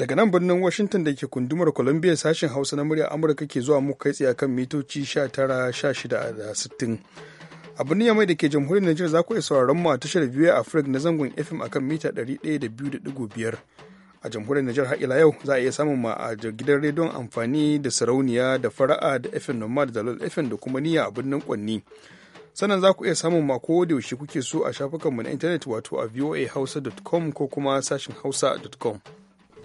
daga nan birnin washington da ke kundumar columbia sashen hausa na murya amurka ke zuwa muku kai tsaye kan mitoci 19-16 a birnin yamai da ke jamhuriyar niger za ku iya sauraron mu a tashar biyu a na zangon fm akan mita 102.5 a jamhuriyar niger har ila yau za a iya samun ma a gidan rediyon amfani da sarauniya da fara'a da fm nomad da lol fm da kuma niyya a birnin kwanni sannan za ku iya samun ma ko da yaushe kuke so a shafukanmu na intanet wato a voahausa.com ko kuma sashin hausa.com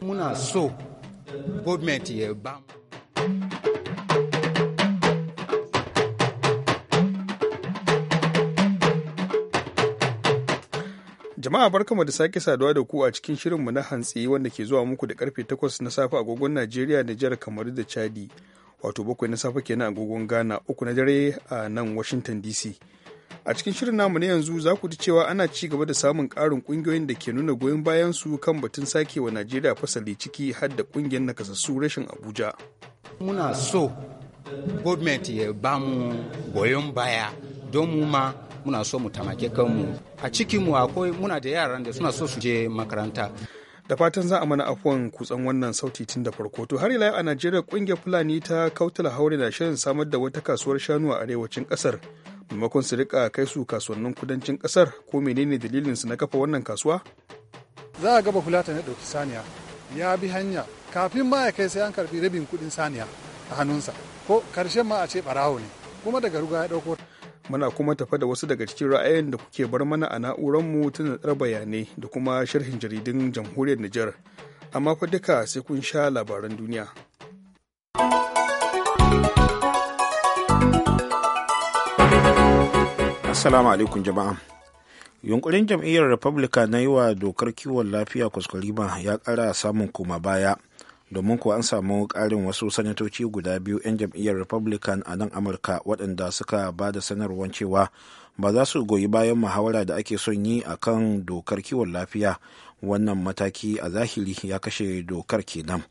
muna so government ya ba Jama'a barkamu da sake saduwa da ku a cikin shirin mu na hantsi wanda ke zuwa muku da karfe 8 na safe agogon Najeriya, Nijar, kamaru da Chadi, wato bakwai na safe kenan agogon Ghana, uku na dare a nan Washington DC. a cikin shirin namu na yanzu za ku ji cewa ana ci gaba da samun ƙarin ƙungiyoyin da ke nuna goyon bayan su kan batun sake wa najeriya fasali ciki har da ƙungiyar nakasassu rashin abuja muna so government ya ba mu goyon baya don mu ma muna so mu tamake kanmu a cikinmu akwai muna da yaran da suna so su je makaranta da fatan za a mana afuwan kutsan wannan sauti tun da farko to har ila a najeriya kungiyar fulani ta kautala haure na shirin samar da wata kasuwar shanu a arewacin kasar maimakon su rika kai su kasuwannin kudancin kasar ko menene dalilin su na kafa wannan kasuwa za a gaba fulata na dauki saniya ya bi hanya kafin ma ya kai sai an karbi rabin kuɗin saniya a hannunsa ko karshen ma a ce ɓarawo ne kuma daga ruga ya ɗauko muna kuma tafa da wasu daga cikin ra'ayin da kuke bar mana a na'uranmu ta nadar bayanai da kuma sharhin jaridun jamhuriyar Nijar. Amma fa duka sai kun sha labaran duniya. Assalamu alaikum jama'a. Yunkurin jam'iyyar Republican na yi wa dokar kiwon lafiya kuskurima ya ƙara samun koma baya. domin kuwa an samu karin wasu sanatoci guda biyu 'yan jam'iyyar republican a nan amurka waɗanda suka ba da sanarwar cewa ba za su goyi bayan muhawara da ake son yi a kan dokar kiwon lafiya wannan mataki a zahiri ya kashe dokar kenan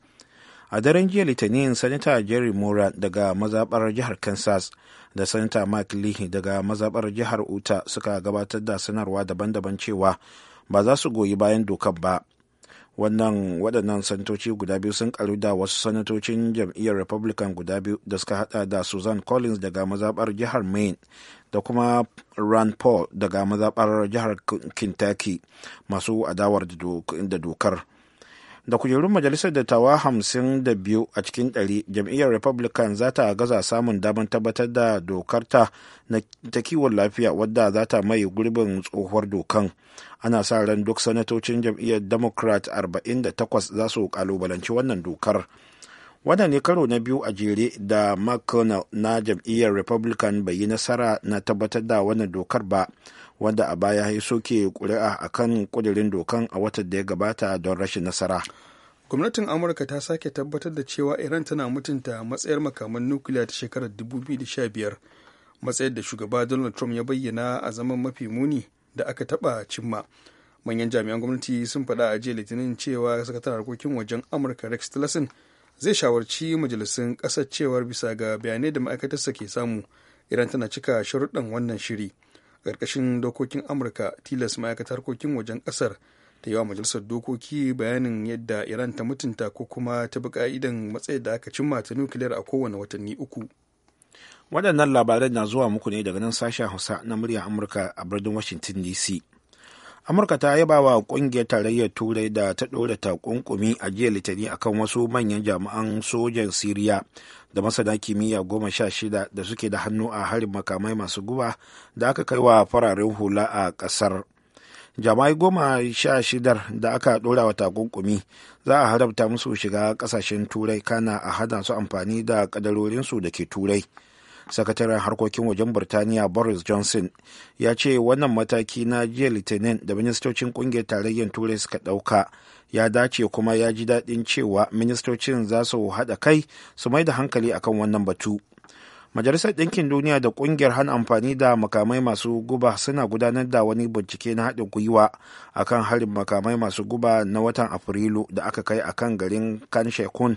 a daren jiya litinin sanata jerry mora daga mazaɓar jihar kansas da sanata mark lee daga mazabar jihar utah suka gabatar da sanarwa daban-daban cewa ba za su goyi bayan dokar ba wannan waɗannan sanatoci guda biyu sun karu da wasu sanatocin jam'iyyar republican guda biyu da suka hada da susan collins daga mazaɓar jihar maine da kuma rand paul daga mazaɓar jihar kentucky masu adawar da dokar da kujerun majalisar dattawa hamsin da biyu a cikin ɗari jam'iyyar republican za ta gaza samun damar tabbatar da dokarta ta kiwon lafiya wadda za ta mai gurbin tsohuwar dokan ana sa ran duk sanatocin jam'iyyar democrat 48 za su kalubalanci wannan dokar wannan ne karo na biyu a jere da mcconnell na jam'iyyar republican bai yi nasara na tabbatar da wannan dokar ba wanda a baya ya soke kuri'a a kan kudirin dokan a watan da ya gabata don rashin nasara gwamnatin amurka ta sake tabbatar da cewa iran tana mutunta matsayar makaman nukiliya ta shekarar 2015 matsayar da shugaba donald trump ya bayyana a zaman mafi muni da aka taɓa cimma manyan jami'an gwamnati sun faɗa a jiya litinin cewa sakataren harkokin wajen amurka rex tillerson zai shawarci majalisun ƙasar cewar bisa ga bayanai da ma'aikatarsa ke samu iran tana cika sharuɗan wannan shiri ƙarƙashin dokokin amurka tilas ma'aikatar harkokin wajen ƙasar ta yi wa majalisar dokoki bayanin yadda iran ta mutunta ko kuma ta bi ka'idan matsayin da aka cimma ta nukiliyar a kowane watanni uku waɗannan labaran na zuwa muku ne daga nan sashen hausa na murya amurka a birnin washington dc amurka ta yaba wa kungiyar tarayyar turai da ta ɗora takunkumi a jiya litani akan wasu manyan jami'an sojan siriya da masana kimiyya goma sha shida da suke da hannu a harin makamai masu guba da aka kai wa fararen hula a ƙasar jama'ai goma sha shidar da aka ɗora wa takunkumi za a haramta musu shiga ƙasashen turai kana a hada su amfani da ƙadarorinsu da ke turai sakataren harkokin wajen burtaniya boris johnson ya ce wannan mataki na jiya litinin da ministocin kungiyar tarayyar turai suka dauka ya dace kuma ya ji daɗin cewa ministocin za su haɗa kai su mai da hankali akan wannan batu majalisar ɗinkin duniya da ƙungiyar hana amfani da makamai masu guba suna gudanar da wani bincike na haɗin gwiwa akan harin makamai masu guba na watan afrilu da aka kai akan garin kan shekun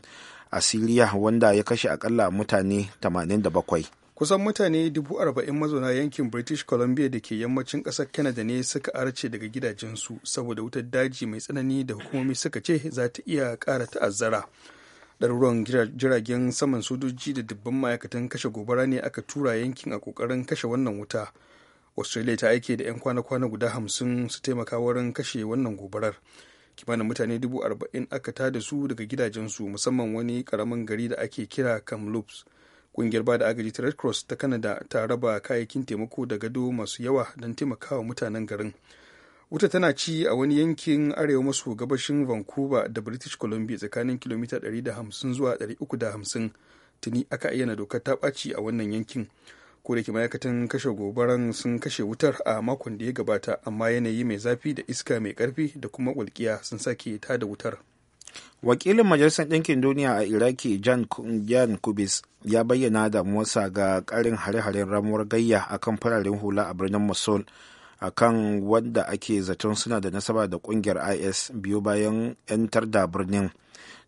a siriya wanda ya kashe akalla mutane 87 kusan mutane 40,000 mazauna yankin british columbia da ke yammacin ƙasar canada ne suka arce daga gidajensu saboda wutar daji mai tsanani da hukumomi suka ce za ta iya kara ta'azzara ɗaruruwan jiragen saman sojoji da dubban ma'aikatan kashe gobara ne aka tura yankin a ƙoƙarin kashe wannan wuta australia ta aike da 'yan kwana-kwana guda 50 su taimaka wurin kashe wannan gobarar kimanin mutane dubu arba'in aka da su daga gidajensu musamman wani karamin gari da ake kira kamloops kungiyar bada agaji ta red cross ta kanada ta raba kayayyakin taimako da gado masu yawa don taimakawa mutanen garin wuta tana ci a wani yankin arewa maso gabashin vancouver da british columbia tsakanin kilomita 150 zuwa 350 tuni aka ayyana dokar ta ɓaci a wannan yankin ko da ke ma'aikatan kashe gobaran sun kashe wutar a makon da ya gabata amma yanayi mai zafi da iska mai karfi da kuma walƙiya sun sake ta da wutar wakilin majalisar ɗinkin duniya a iraki jan kubis ya bayyana damuwarsa ga karin hare-haren ramuwar gayya a kan fararen hula a birnin mosul akan wanda ake zaton suna da nasaba da ƙungiyar is biyu bayan 'yantar da birnin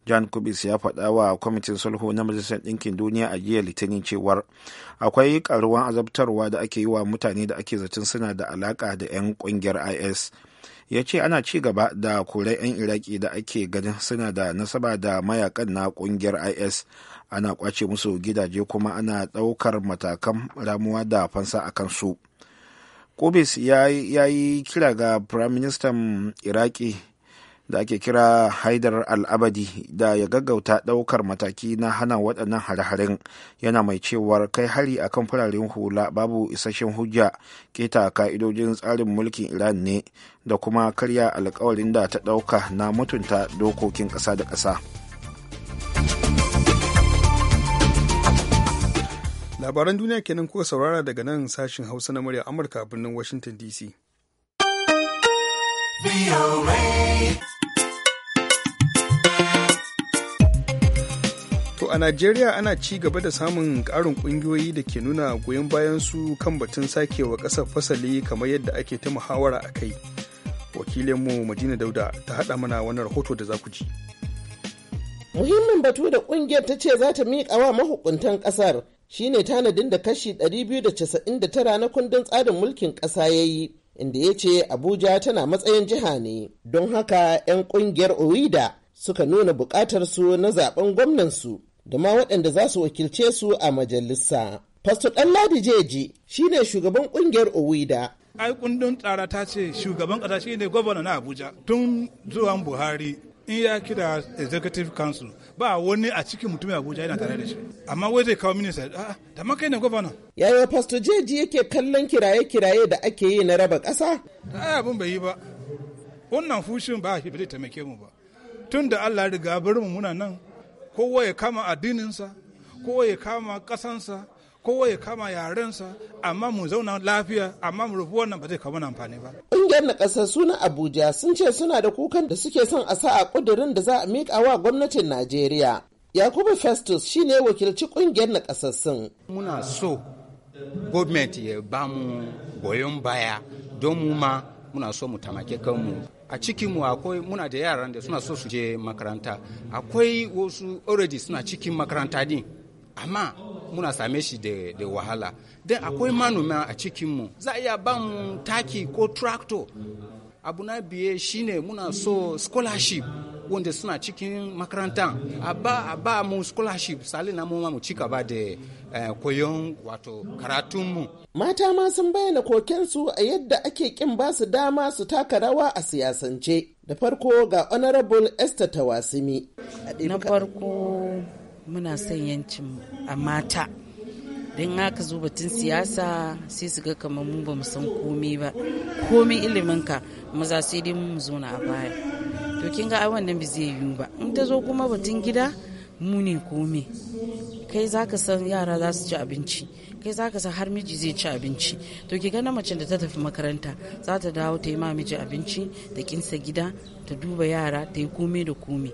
jan kubis ya faɗa wa kwamitin sulhu na majalisar ɗinkin duniya a jiya litinin cewar akwai karuwan azabtarwa da ake yi wa mutane da ake zaton suna da alaƙa da 'yan ƙungiyar is ya ce ana ci gaba da kurai 'yan iraki da ake ganin suna da nasaba da mayakan na ƙungiyar is ana kwace musu gidaje kuma ana ɗaukar matakan ramuwa da fansa a kansu kubis ya yi kira ga firaministan iraki da ake kira haidar al'abadi da ya gaggauta ɗaukar mataki na hana waɗannan hare-haren yana mai cewar kai hari a kan fararen hula babu isasshen hujja keta ka'idojin tsarin mulkin iran ne da kuma karya alkawarin da ta ɗauka na mutunta dokokin ƙasa da ƙasa labaran duniya kenan kuka saurara daga nan sashin hausa na murya amurka birnin washington dc a Najeriya ana ci gaba da samun ƙarin ƙungiyoyi da ke nuna goyon bayan su kan batun sake wa ƙasar fasali kamar yadda ake ta muhawara a kai. Wakilinmu Madina Dauda ta haɗa mana wani rahoto da za ku ji. Muhimmin batu da ƙungiyar ta ce za ta miƙa wa mahukuntan ƙasar shine tanadin da kashi 299 na kundin tsarin mulkin ƙasa ya yi. Inda ya ce Abuja tana matsayin jiha ne, don haka 'yan ƙungiyar Oida suka nuna buƙatar su na zaben gwamnansu da ma waɗanda za su wakilce su a majalisa. Pastor Ɗanladi Jeji shine shugaban ƙungiyar Owida. Ai kundin tsara ta ce shugaban ƙasa shine gwamna na Abuja tun zuwan Buhari in ya kira executive council ba wani a cikin mutumin Abuja yana tare da shi amma wai zai kawo minista a da ma kai ne gwamna. Yaya Pastor Jeji yake kallon kiraye-kiraye da ake yi na raba ƙasa? Ai abin bai yi ba. Wannan fushin ba shi bai taimake mu ba. Tun da Allah riga bari mu muna nan kowa ya kama addininsa kowa ya kama ƙasansa kowa ya kama yarensa amma mu zauna lafiya amma mu rufu wannan ba zai kawo amfani ba. Ƙungiyar na ƙasar suna Abuja sun ce suna da kukan da suke son a sa a ƙudurin da za a miƙa wa gwamnatin Najeriya. Yakubu Festus shi ne wakilci ƙungiyar na sun. Muna so gwamnati ya ba mu goyon baya don mu ma muna so mu tamake kanmu a mu akwai muna da yaran da suna so su je makaranta akwai wasu already suna cikin makaranta din amma muna same shi da wahala don akwai manoma a cikinmu za a iya ba mu taki ko tractor abu na biye shine muna so scholarship wanda suna cikin makaranta a ba mu scholarship sale na mu ma mu cika ba da Eh, koyon wato karatunmu. Mata ma sun bayyana kokensu a yadda ake kin ba su dama su taka rawa a siyasance. Da farko ga Honorable Esther Tawasimi. Na farko muna son yancin a mata. Don haka zo batun siyasa sai su ga kamar mu ba mu san komai ba. Komai iliminka maza sai dai mu zo na a baya. To kin ga ai wannan ba zai yiwu ba. In ta zo kuma batun gida mu ne kome kai za ka san yara za su ci abinci kai za ka san har miji zai ci abinci to ki gana macen da ta tafi makaranta za ta dawo ta yi ma miji abinci da kinsa gida ta duba yara ta yi kome da kome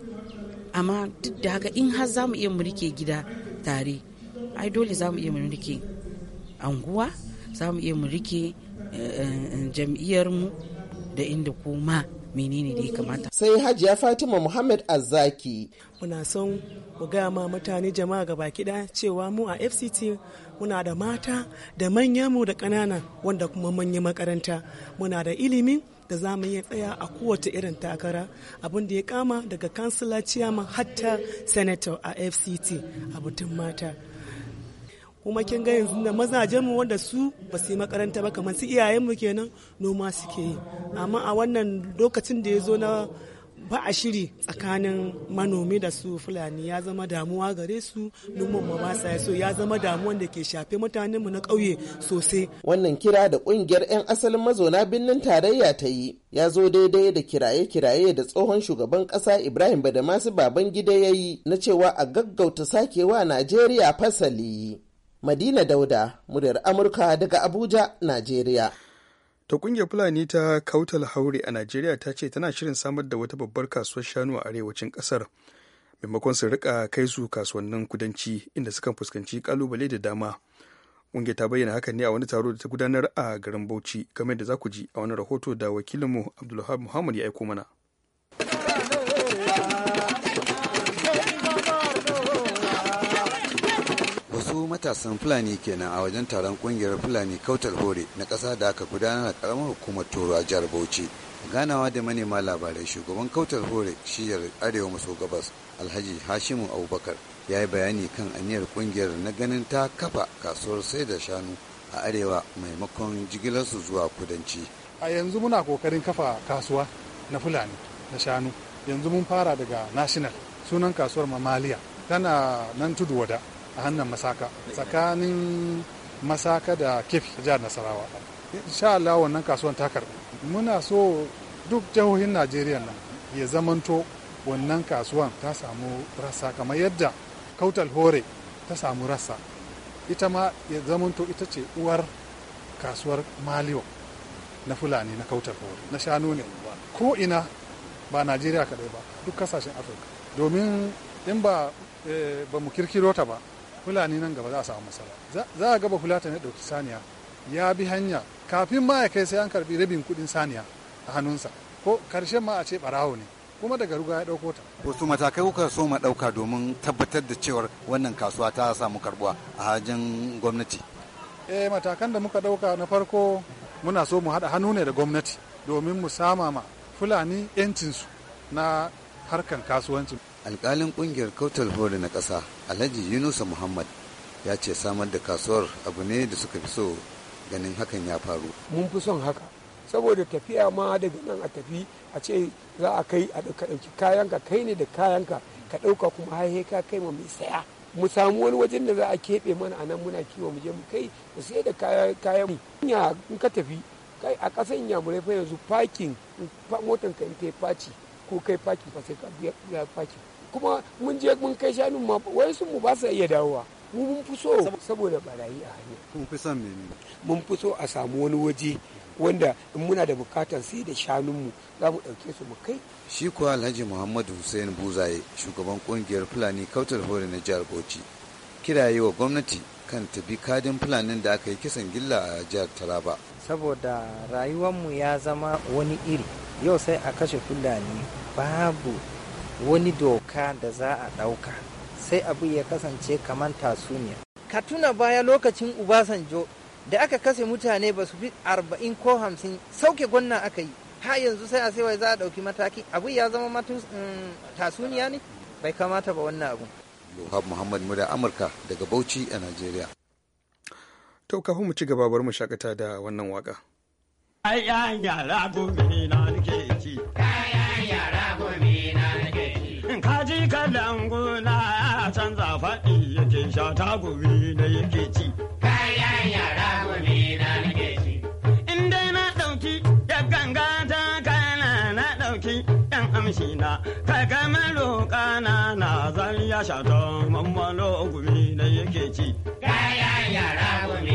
amma duk da haka in har za mu iya murike gida tare ai dole za mu iya murike anguwa za mu iya mu eh, eh, jam'iyyar jam'iyyarmu da inda koma menene da ya kamata. Sai Hajiya Fatima Muhammad Azzaki muna son mu gaya ma mutane jama'a ga baki kiɗa cewa mu a fct muna da mata da manya mu da ƙanana wanda kuma manya makaranta muna da ilimi da za mu iya tsaya a kowace irin takara abin da ya kama daga kansila ciyama hatta senator a fct a butun mata kuma kin ga yanzu da mazajen mu wanda su ba su yi makaranta ba kamar su iyayen mu kenan noma suke yi amma a wannan lokacin da ya zo na ba a shiri tsakanin manomi da su fulani ya zama damuwa gare su noman ma ya so ya zama damuwan da ke shafe mutanen mu na ƙauye sosai wannan kira da kungiyar 'yan asalin mazauna birnin tarayya ta yi ya zo daidai da kiraye-kiraye da tsohon shugaban ƙasa Ibrahim Badamasu Babangida ya yi na cewa a gaggauta sakewa Najeriya fasali. Madina Dauda, muryar Amurka daga Abuja, Najeriya. ta kungiyar fulani ta kautal haure a najeriya ta ce tana shirin samar da wata babbar kasuwar shanu a arewacin ƙasar, maimakon su rika kai su kasuwannin kudanci inda sukan fuskanci kalubale da dama kungiyar ta bayyana hakan ne a wani taro da ta gudanar a garin bauchi game da za ku ji a wani rahoto da wakilinmu abdulhab muhammad ya aiko mana su matasan fulani kenan a wajen taron kungiyar fulani kautar hore na ƙasa da aka gudanar a karamar hukumar toro a jihar bauchi ganawa da manema labarai shugaban kautar hore shiyar arewa maso gabas alhaji hashimu abubakar ya yi bayani kan aniyar kungiyar na ganin ta kafa kasuwar sai da shanu a arewa maimakon jigilarsu zuwa kudanci a yanzu muna kokarin kafa kasuwa na fulani na shanu yanzu mun fara daga national sunan kasuwar mamaliya tana nan tudu wada a hannun masaka tsakanin masaka da kefi jihar nasarawa insha Allah wannan kasuwan ta karbi muna so duk jihohin najeriya nan ya zamanto wannan kasuwan ta samu rasa kamar yadda kautal hore ta samu rasa ita ma ya zamanto ita ce uwar kasuwar maliyo na fulani na kautal hore na shanu ne ko ina ba najeriya kadai ba duk kasashen afirka domin in ba eh, mu kirkiro ta ba fulani nan gaba za a samu matsala za a gaba fulata ne ɗauki saniya ya bi hanya kafin ma ya kai sai an karbi rabin kuɗin saniya a hannunsa ko karshen ma a ce ɓarawo ne kuma daga ruga ya ɗauko ta. Wasu matakai kuka so ma ɗauka domin tabbatar da cewar wannan kasuwa ta samu karbuwa a hajin gwamnati. Eh matakan da muka ɗauka na farko muna so mu haɗa hannu ne da gwamnati domin mu sama ma Fulani 'yancinsu na harkan kasuwanci alkalin ƙungiyar kautal hori na ƙasa alhaji yunusa muhammad ya ce samar da kasuwar abu ne da suka fi so ganin hakan ya faru mun fi son haka saboda tafiya ma daga nan a tafi a ce za a kai a ɗauki kayanka kai ne da kayanka ka ɗauka kuma haihe ka kai ma mai saya mu samu wani wajen da za a keɓe mana a nan muna kiwo mu je mu kai mu sai da kayan ya in ka tafi kai a ƙasar ya mu yanzu parking motan ka in kai faci ko kai pakin fa sai ka biya kuma mun je mun kai shanun ma wai sun mu ba sa iya dawowa mu mun fi so saboda barayi a hanya mun fi son mun fi so a samu wani waje wanda in muna da bukatar sai da shanunmu za mu ɗauke su mu kai shi kuwa alhaji muhammadu hussein buzaye shugaban kungiyar fulani kautar hore na jihar bauchi kiraye wa gwamnati kan ta bi kadin fulanin da aka yi kisan gilla a jihar taraba saboda rayuwarmu ya zama wani iri yau sai a kashe fulani babu wani doka da za a ɗauka sai abu ya kasance kamar tasuniya ka tuna baya lokacin ubasanjo da aka kase mutane ba su fi arba'in ko hamsin sauke gwanna aka yi ha yanzu sai a sai za a ɗauki mataki abu ya zama matun mm, tasuniya ne bai kamata ba wannan abu Yohab Muhammad Muda Amurka daga Bauchi a Najeriya. To kafin mu ci gaba bar mu shakata da wannan waka. Ai ya gobe na gumi na yake ci. na nake ci. In dai na ɗauki ya ganga ta kana na ɗauki ɗan amshi na ka gama roƙa na na zan ya sha ta mammalo gumi na yake ci. Kayan yara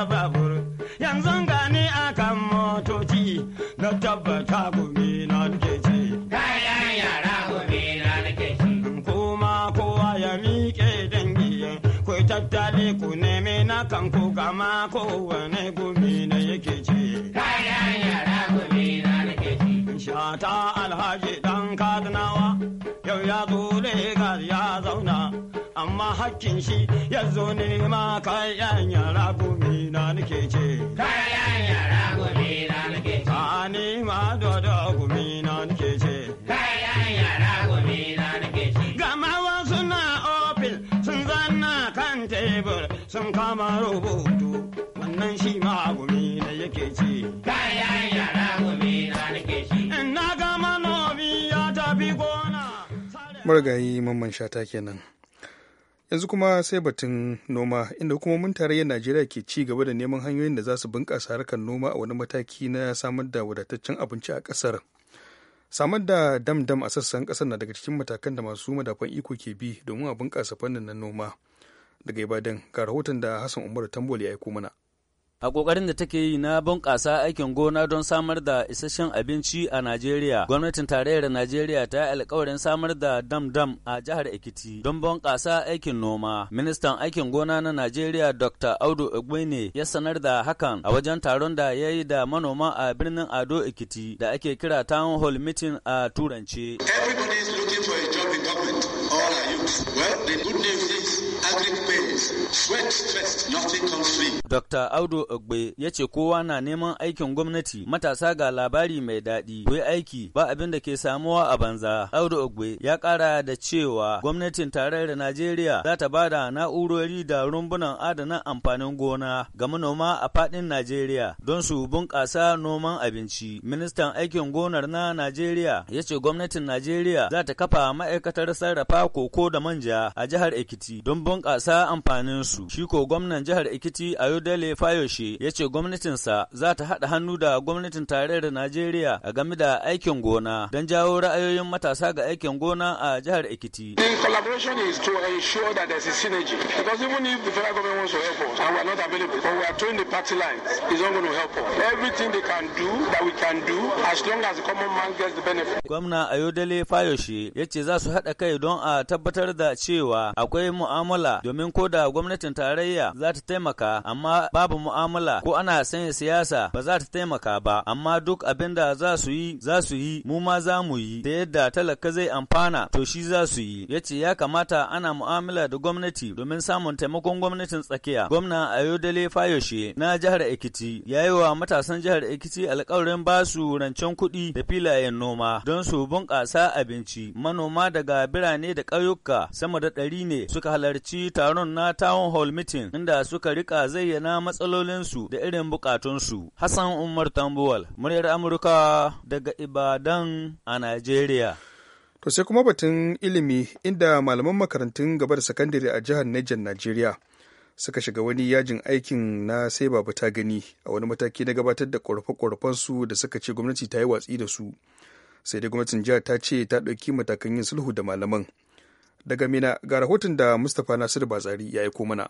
da babur yanzu gani akan motoci na tabbata gobe na duke ce ce kuma kowa ya miƙe dangi ku tattale ku neme na kan ku gama kowane gobe na yake ce kayan yara ce shata alhaji dan kadnawa yau ya zo hakkin shi yanzu ne ma kayan yara gumi na nake ce. Kayan yara gumi na nake ce. A ne ma dodo gumi na nake ce. Kayan yara gumi na nake ce. Gama wasu na opil sun zanna kan tebur sun kama rubutu wannan shi ma gumi na yake ce. Kayan yara gumi na nake ce. Ina ga manomi ya tafi gona. Murgayi mamman shata kenan. yanzu kuma sai batun noma inda hukumomin tarayyar najeriya ke ci gaba da neman hanyoyin da za su bunƙasa harkar noma a wani mataki na samar da wadataccen abinci a ƙasar samar da dam-dam a sassan ƙasar na daga cikin matakan da masu madafan iko ke bi domin a bunƙasa fannin na noma daga ibadan ga rahoton da hassan umaru tambol ya aiko mana A ƙoƙarin da take yi na bunƙasa aikin gona don samar da isasshen abinci a Najeriya, gwamnatin tarayyar Najeriya ta yi alkawarin samar da dam-dam a jihar Ekiti don bunƙasa aikin noma. Ministan aikin gona na Najeriya Dr. Audu Ogbene ya sanar da hakan a wajen taron da ya yi da manoma a birnin Ado Ekiti da ake kira Town Hall Meeting a Turance. Everybody is looking for a job in government, all are youth. Well, the good Dr. Audu Ogbe ya ce kowa na neman aikin gwamnati matasa ga labari mai daɗi ku aiki ba abin da ke samuwa a banza. Audu Ogbe ya ƙara da cewa gwamnatin tarayyar Najeriya za ta ba da na'urori da rumbunan adana amfanin gona ga manoma a faɗin Najeriya don su bunƙasa noman abinci. Ministan aikin gonar na Najeriya ya ce gwamnatin Najeriya za ta kafa ma'aikatar sarrafa koko da manja a jihar Ekiti don bunƙasa amfanin tsakaninsu. Shi ko gwamnan jihar Ekiti Ayodele Fayoshe ya ce gwamnatinsa za ta haɗa hannu da gwamnatin tarayyar Najeriya a game da aikin gona don jawo ra'ayoyin matasa ga aikin gona a jihar Ekiti. collaboration is to a synergy because even Gwamna Ayodele Fayoshe ya ce za su haɗa kai don a tabbatar da cewa akwai mu'amala domin ko da gwamnatin tarayya za ta taimaka amma babu mu'amala ko ana sanya siyasa ba za ta taimaka ba amma duk abin da za su yi za su yi mu ma za mu yi da yadda talaka zai amfana to shi za su yi ya ce ya kamata ana mu'amala da gwamnati domin samun taimakon gwamnatin tsakiya gwamna ayodele fayoshe na jihar ekiti ya yi wa matasan jihar ekiti alkawarin ba su rancen kuɗi da filayen noma don su bunƙasa abinci manoma daga birane da ƙauyuka sama da ɗari ne suka halarci taron na na town hall meeting inda suka rika zayyana matsalolinsu da irin bukatunsu. Hassan Umar Tambuwal, muryar Amurka daga Ibadan a nigeria. To sai kuma batun ilimi inda malaman makarantun gaba da sakandare a jihar Niger Najeriya suka shiga wani yajin aikin na sai babu ta gani a wani mataki na gabatar da korafe-korafensu da suka ce gwamnati ta yi watsi da su. Sai dai gwamnatin jihar ta ce ta ɗauki matakan yin sulhu da malaman. Daga Mina ga rahoton da Mustapha Nasiru bazari ya aiko mana.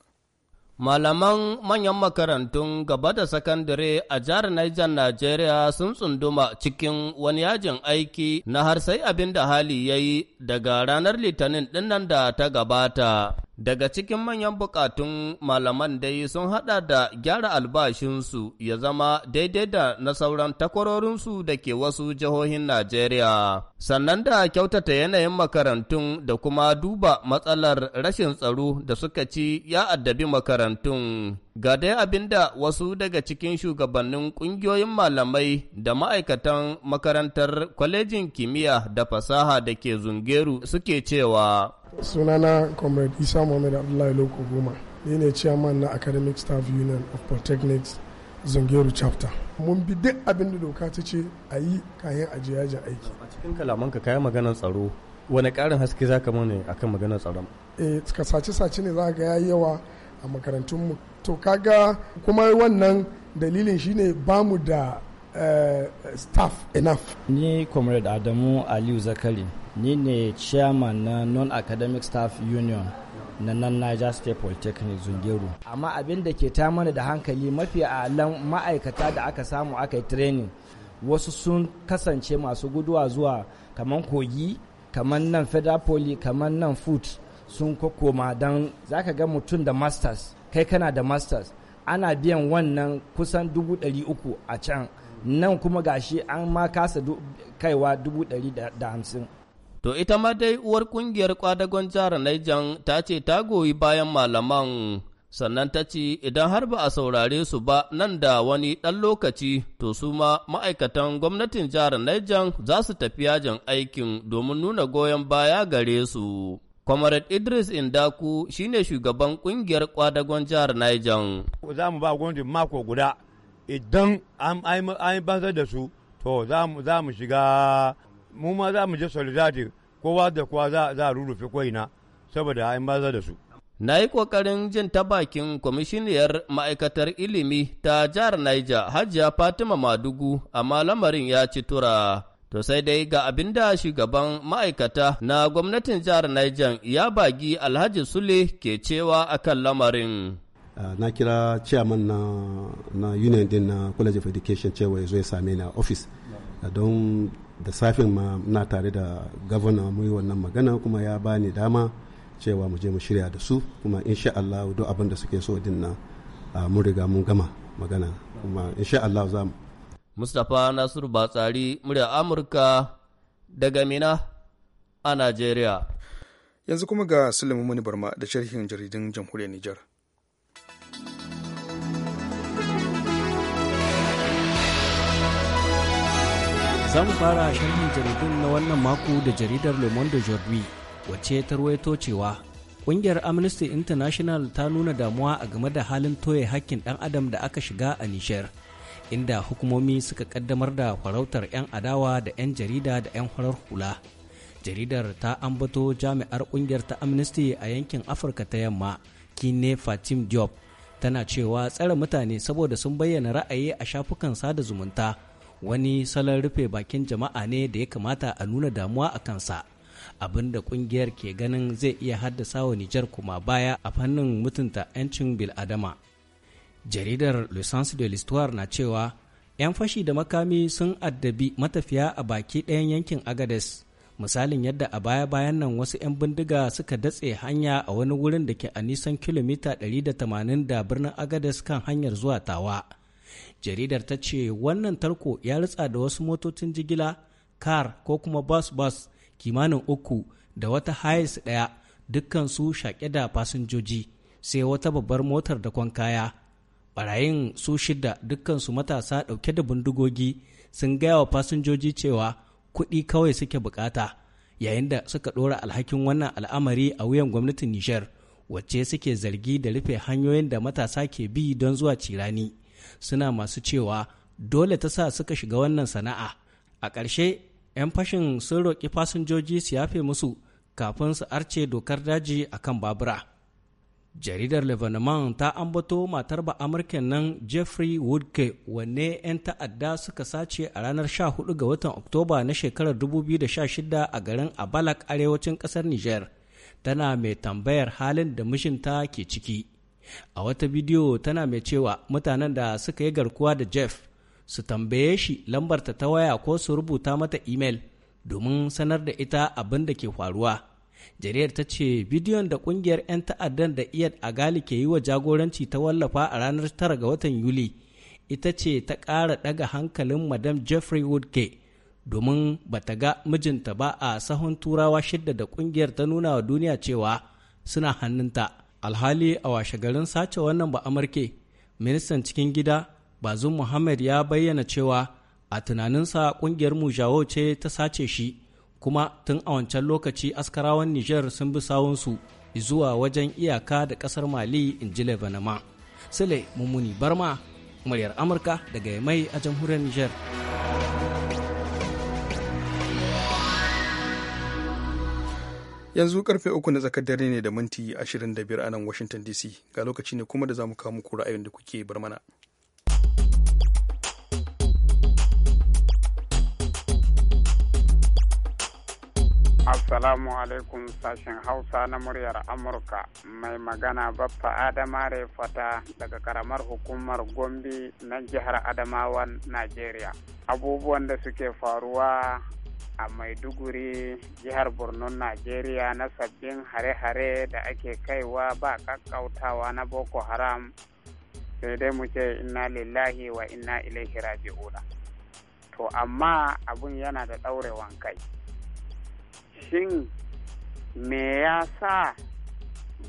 Malaman manyan makarantun gaba da sakandare a jihar Niger Najeriya sun tsunduma cikin wani yajin aiki na har sai abin da hali ya yi daga ranar Litinin dinnan da ta gabata. Daga cikin manyan bukatun malaman dai sun haɗa da gyara albashinsu ya zama daidai da na sauran takwarorinsu da ke wasu jihohin Najeriya, sannan da kyautata yanayin makarantun da kuma duba matsalar rashin tsaro da suka ci ya addabi makarantun. Ga dai abin da wasu daga cikin shugabannin ƙungiyoyin malamai da ma'aikatan makarantar kwalejin kimiyya da fasaha da ke zungeru suke cewa. sunana comrade isa muhammad abdullahi loko goma ni ne chairman na academic staff union of polytechnics zungeru chapter mun bi duk abin da doka ta ce a yi kayan ajiyajin aiki a cikin kalamanka kayan maganar tsaro wani karin haske za ka mune akan maganar tsaron eh ka sace sace ne za ka yayi yawa a makarantunmu mu to kaga kuma wannan dalilin shine mu da Uh, staff enough ni comrade adamu aliu zakari ni ne chairman na non-academic staff union na nan Niger State Polytechnic Zungeru. Amma abin da ke ta mana da hankali mafi alan ma'aikata da aka samu aka yi training wasu sun kasance masu guduwa zuwa kamar kogi, kamar nan federal poly, kaman nan foot sun koma don za ka ga mutum da masters, kai kana da masters, ana biyan wannan kusan dubu ɗari uku a can. nan kuma gashi an ma kasa kaiwa dubu ɗari da hamsin. To ita ma dai uwar kungiyar kwadagon jihar Naijan ta ce ta goyi bayan malaman sannan ta ce idan har ba a saurare su ba nan da wani ɗan lokaci to su ma ma'aikatan gwamnatin jihar Naijan za su tafi yajin aikin domin nuna goyon baya gare su. Comrade Idris Indaku shine shugaban kungiyar kwadagon jihar Naijan. Za mu ba gwamnati mako guda idan an yi banzar da su to za mu shiga mu ma za mu je solidarity kowa da kowa za a rurrufe koina saboda an banzar da su. Na yi ƙoƙarin jin ta bakin kwamishiniyar ma'aikatar ilimi ta jihar Niger Hajiya Fatima Madugu amma lamarin ya ci tura. To sai dai ga abin da shugaban ma'aikata na gwamnatin jihar Niger ya bagi Alhaji Sule ke cewa akan lamarin. Ah, na kira chairman na na union din na college of education cewa ya zo ya same ni a office ah, don da safin ma na tare da governor mu yi wannan magana kuma ya bani dama cewa mu je mu shirya da su kuma insha Allah duk abin da suke so din na ah, mun riga mun gama magana kuma insha Allah za mu Mustapha Nasiru Batsari murya Amurka daga Mina a nigeria. yanzu kuma ga Sulaiman Muni Barma da sharhin jaridun Jamhuriyar Nijar zan fara sharhin jaridun na wannan mako da jaridar Le Monde Aujourd'hui wacce ta ruwaito cewa Ƙungiyar Amnesty International ta nuna damuwa a game da halin toye hakkin ɗan adam da aka shiga a Nishar, inda hukumomi suka ƙaddamar da farautar 'yan adawa da 'yan jarida da 'yan farar hula. Jaridar ta ambato jami'ar ƙungiyar ta Amnesty a yankin Afirka ta yamma, Kine Fatim Diop, tana cewa tsare mutane saboda sun bayyana ra'ayi a shafukan sada zumunta wani salon rufe bakin jama'a ne da ya kamata a nuna damuwa a kansa abin da kungiyar ke ganin zai iya haddasa wa nijar kuma baya a fannin mutunta 'yancin biladama jaridar licence de l'histoire na cewa 'yan fashi da makami sun addabi matafiya a baki ɗayan yankin agades misalin yadda a baya-bayan nan wasu 'yan bindiga suka datse hanya a wani wurin da ke a nisan kilomita 180 da birnin agades kan hanyar zuwa tawa jaridar ta ce wannan tarko ya ritsa da wasu motocin jigila kar ko kuma bas-bas kimanin uku da wata hayes ɗaya dukkansu shaƙe da fasinjoji sai wata babbar motar da kwan kaya barayin su shida dukkansu matasa ɗauke da bindigogi sun gaya wa fasinjoji cewa kuɗi kawai suke bukata yayin da suka ɗora alhakin wannan al'amari a wuyan gwamnatin nijar wacce suke zargi da rufe hanyoyin da matasa ke bi don zuwa cirani suna masu cewa dole ta sa suka shiga wannan sana'a a ƙarshe 'yan fashin sun roƙi fasinjoji su yafe musu kafin su arce dokar daji a kan babura jaridar lebanon ta ambato matar ba amurken nan jeffrey woodke wanne 'yan ta'adda suka sace a ranar 14 ga watan oktoba na shekarar 2016 a garin abalak arewacin kasar niger tana mai tambayar halin da mishinta ke ciki a wata bidiyo tana mai cewa mutanen da suka yi garkuwa da jeff su tambaye shi lambarta ta waya ko su rubuta mata imel domin sanar da ita abin da ke faruwa jaridar ta ce bidiyon da kungiyar 'yan ta'addan da iyad agali ke yi wa jagoranci ta wallafa a ranar 9 ga watan yuli ita ce ta ƙara ɗaga hankalin madam jeffrey woodke domin ba ta ga mijinta ba a sahun turawa shidda da kungiyar ta nuna wa duniya cewa suna hannunta alhali a washe garin sace wannan ba amurke ministan cikin gida bazum muhammad ya bayyana cewa a tunaninsa kungiyar mujawo ce ta sace shi kuma tun a wancan lokaci askarawan niger sun bi sawunsu zuwa wajen iyaka da kasar mali in ji lebanama sule mummuni barma muryar amurka daga mai a jamhuriyar niger yanzu karfe uku na tsakar dare ne da minti 25 a nan washington dc ga lokaci ne kuma da za mu kawo muku ra'ayin da kuke bar mana Assalamu alaikum sashen Hausa na muryar Amurka mai magana Baffa Adamare Fata daga karamar hukumar Gombe na jihar Adamawan Najeriya. Abubuwan da suke faruwa a maiduguri jihar borno najeriya na sabbin hare-hare da ake kaiwa ba kakkautawa na boko haram sai dai mu ce inna lillahi wa inna ilaihi raji'una to amma abun yana da ɗaurewan kai shin me ya sa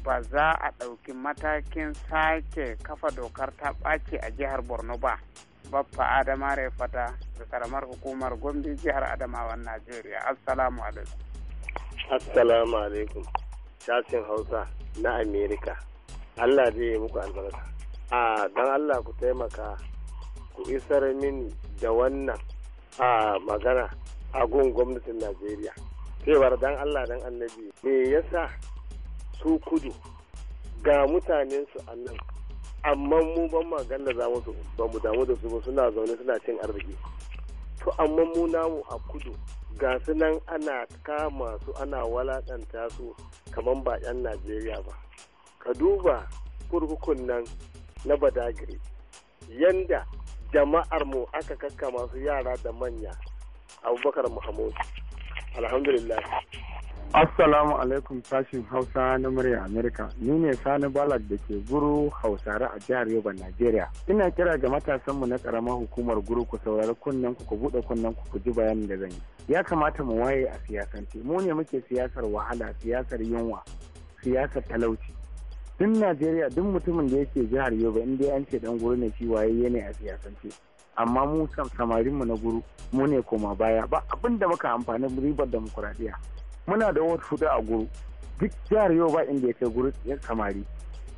ba za a ɗauki matakin sake kafa dokar ta ɓaci a jihar borno ba baffa adama fata da karamar hukumar gombe jihar adamawan najeriya assalamu alaikum assalamu alaikum sashen hausa na amerika allah zai yi muku albarka a don allah ku taimaka ku isar min da wannan a magana a gun gwamnatin najeriya cewar dan allah dan annabi me yasa su kudu ga mutanensu su amma mu ban magana za mu ba mu damu da su ba suna zaune suna cin arziki to amma mu namu a kudu ga su nan ana kama su ana walakanta su kamar ba 'yan najeriya ba ka duba kurkukun nan na badagiri yanda jama'ar mu aka kakka masu yara da manya abubakar muhammadu alhamdulillah Assalamu alaikum sashen Hausa na murya Amerika. Ni ne Sani Balak da ke guru Hausare a jihar Yoba, Najeriya. Ina kira ga matasanmu na karamar hukumar guru ku saurari kunnen ku ku buɗe kunnen ku ku ji bayanin da zan yi. Ya kamata mu waye a siyasance. Mu ne muke siyasar wahala, siyasar yunwa, siyasar talauci. Duk Najeriya duk mutumin da yake jihar Yoba in dai an ce dan guru ne shi waye ne a siyasance. Amma mu samarinmu na guru mu ne koma baya ba abinda muka amfani ribar demokuraɗiyya. muna da wata hudu a guru duk jihar yau ba inda ya kai guru samari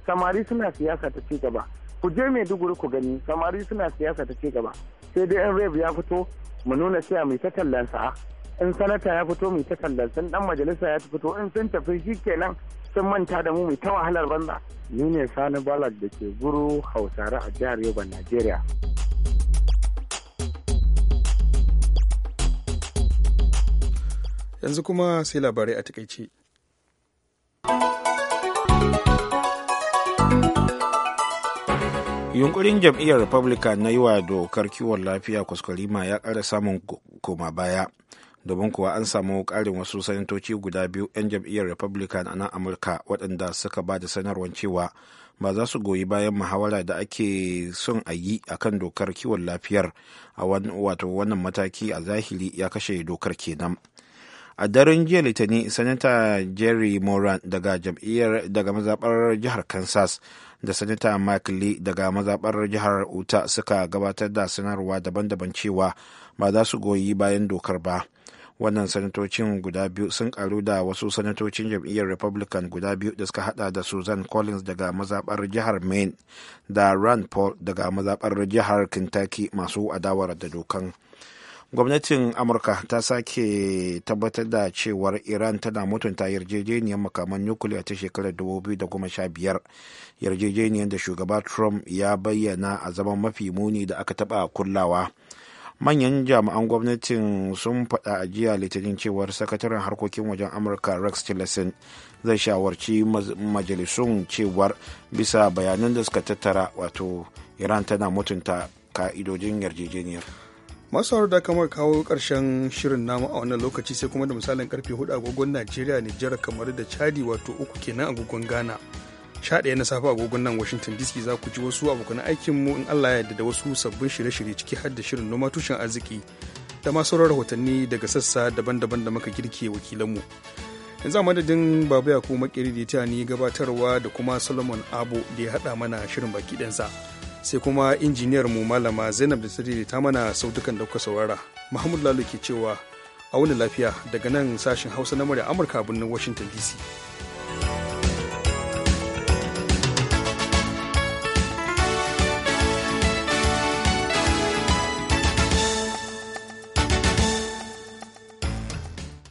samari suna siyasa ta ci gaba ku je mai maiduguri ku gani samari suna siyasa ta ci gaba sai dai 'yan rep ya fito mu nuna cewa mai ta tallan sa'a in sanata ya fito mai ta tallan sun dan majalisa ya fito in sun tafi shi kenan sun manta da mu mai ta wahalar banza ni ne sani balad da ke guru hausare a jihar yoba najeriya yanzu kuma sai labarai a takaice yunkurin jam'iyyar republican na yi wa dokar kiwon lafiya kwaskwarima ya ƙara samun koma baya domin kuwa an samu ƙarin wasu sanatoci guda biyu 'yan jam'iyyar republican a nan amurka waɗanda suka ba da sanarwar cewa ba za su goyi bayan muhawara da ake son a yi a kan dokar kiwon lafiyar a wato wannan mataki a zahiri ya kashe dokar kenan. a daren jiya litinin sanata jerry moran daga jam'iyyar daga mazaɓar jihar kansas da sanata mike lee daga mazaɓar jihar utah suka gabatar da sanarwa daban-daban cewa ba za su goyi bayan dokar ba wannan sanatocin guda biyu sun karu da wasu sanatocin jam'iyyar republican guda biyu da suka hada da susan collins daga mazaɓar jihar maine da rand paul daga mazaɓar jihar kentucky masu adawar da dokan. gwamnatin amurka ta sake tabbatar da cewar iran tana mutunta yarjejeniyar makaman nukiliya ta shekarar 2015 yarjejeniyar da shugaba trump ya bayyana a zaman mafi muni da aka taba kullawa manyan jami'an gwamnatin sun faɗa a jiya litinin cewar sakataren harkokin wajen amurka rex tillerson zai shawarci majalisun cewar bisa bayanan da suka tattara wato iran tana mutunta ka'idojin yarjejeniyar masu da kamar kawo karshen shirin namu a wannan lokaci sai kuma da misalin karfe hudu agogon najeriya nijar kamar da chadi wato uku kenan agogon ghana sha ɗaya na safe agogon nan washington dc za ku ji wasu abokan aikin mu in allah ya yarda da wasu sabbin shirye-shirye ciki har da shirin noma tushen arziki da ma sauran rahotanni daga sassa daban-daban da muka girke wakilanmu yanzu a madadin babu kuma makeri da ta ni gabatarwa da kuma solomon abu da ya haɗa mana shirin baki ɗansa. sa sai kuma injiniyar mu malama zainab da sirri ta mana sautukan da kuka saurara mahmud lalu ke cewa a wani lafiya daga nan sashen hausa na murya amurka birnin washington dc